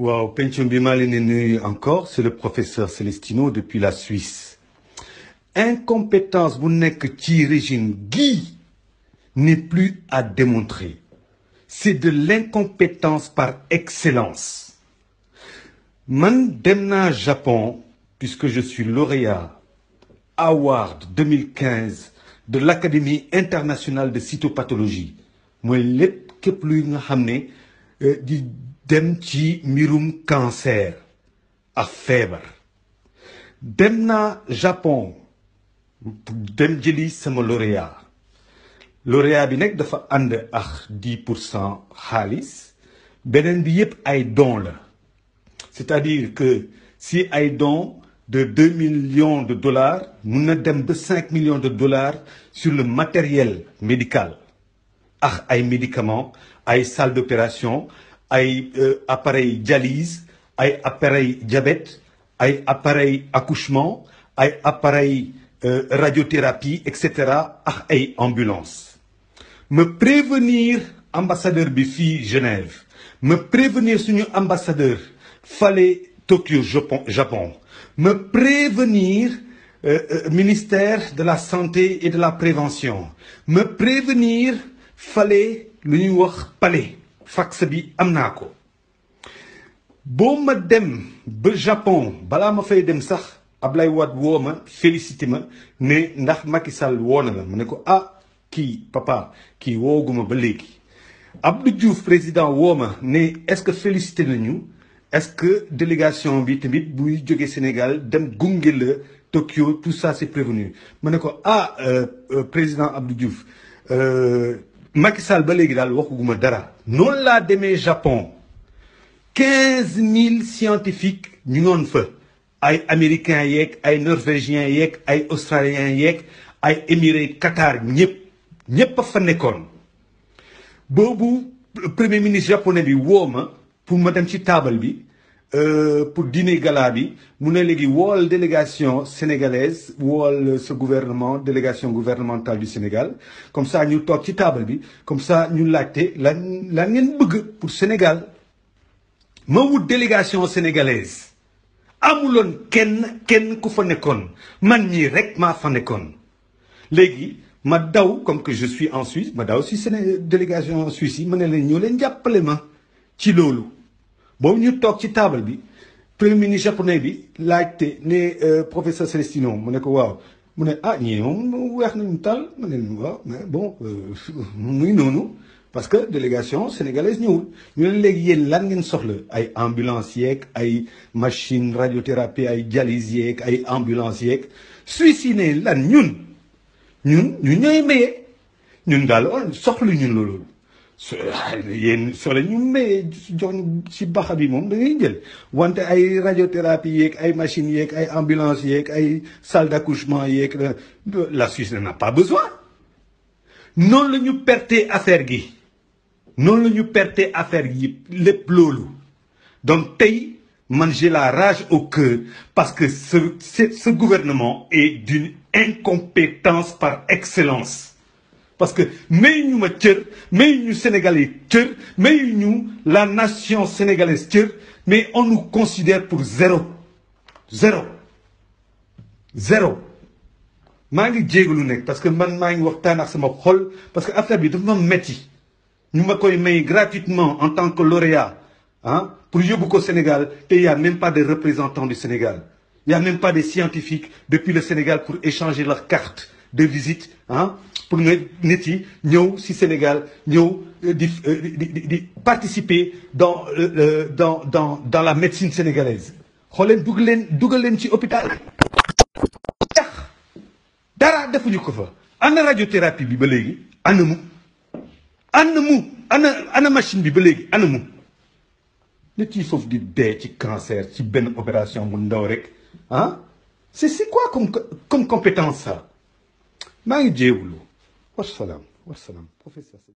Wow, Pension Bimal est encore, c'est le professeur Celestino depuis la Suisse. Incompétence, vous n'êtes que qui Guy n'est plus à démontrer. C'est de l'incompétence par excellence. Mandemna Japon, puisque je suis lauréat Award 2015 de l'Académie internationale de cytopathologie, moi, lépp plus euh, di dem ci mirum cancer a fever dem na japon dem jeli sama lauréat lauréat bi nek dafa and ak 10% xaliss benen bi yep ay dons la c'est-à-dire que si ay dons de 2 millions de dollars, nous n'avons 5 millions de dollars sur le matériel médical. Ah, ay médicaments ay salle d'opération ay euh, appareil dialyse ay appareil diabète ay appareil accouchement ay appareil euh, radiothérapie etc. Ah, ambulance Me prévenir ambassadeur Bifi, Genève Me prévenir senior ambassadeur fallait Tokyo Japon Me prévenir euh, ministère de la santé et de la prévention Me prévenir Fallait le New wax pale fax bi amna Bon ko boo dem Japon bala ma fay dem sax ablay wad woma félicité ma ne ndax Macky Sall woo na la ko ah ki papa ki woguma ba légui Abdou Diouf président woma ne est-ce que félicité nañu est-ce que délégation bi tamit buy Sénégal dem gungé Tokyo tout ça c'est prévenu mané ko ah euh, euh, président Abdou Diouf euh, Makisal Sall ba le dal waxuguma dara non la démé Japon 15 000 scientifiques ñu ngone fa ay américains yek ay norvégiens yek ay australiens yek ay émirés Qatar ñep ñep fa nékkone le premier ministre japonais bi woma pour ma dem ci table euh, pour dîner gala bi mu ne délégation sénégalaise Wall ce gouvernement délégation gouvernementale du Sénégal comme ça ñu toog ci table bi comme ça ñu laajte lan lan ngeen bëgg pour Sénégal ma wut délégation sénégalaise amuloon kenn kenn ku fa man ñii rek ma fa nekkoon ma daw comme que je suis en Suisse ma daw si Séné délégation Suisse yi le ne leen ñoo Bon, ñu tok ci table bi premier ministre japonais bi euh, professeur Celestino ko ah tal nous mais bon euh, parce que délégation sénégalaise ñewul Nous ne lan ngeen soxla ay machine radiothérapie ay dialyse ay nous lan ñun ñun ñu Nous ñun dal soxlu ñun yéen sole ñu mais jox ñu si radiothérapie une machine, une ambulance une salle d'accouchement euh, la Suisse n'en a pas besoin Non, la ñu pertee affaire gi Non, la ñu pertee affaire gi lépp loolu donc tey man la rage au cœur parce que ce ce gouvernement est d'une incompétence par excellence parce que may sommes ma mais nous sénégalais mais nous ñu la nation sénégalaise mais on nous considère pour zéro zéro zéro suis suis jéegalu parce que man suis ngi waxtaan un sama parce que affaire bi dafa métier. Nous ñu gratuitement en tant que lauréat hein, pour yóbbu ko Sénégal il n'y a même pas de représentants du Sénégal Il n'y a même pas de scientifiques depuis le Sénégal pour échanger leurs cartes de visite hein, pour nous nit yi si Sénégal nous euh, euh, di participer dans euh, dans dans dans la médecine sénégalaise Holen, leen dugg leen ci hôpital Dara dara defuñu ko fa ana radiothérapie bi ba mou, ana mu ana mu ana ana machine bi ba mou, ana mu nit yi foofu di ci cancer ci ben opération mu ndaw rek ah? c'est c'est quoi comme comme compétence ça ما له والسلام والسلام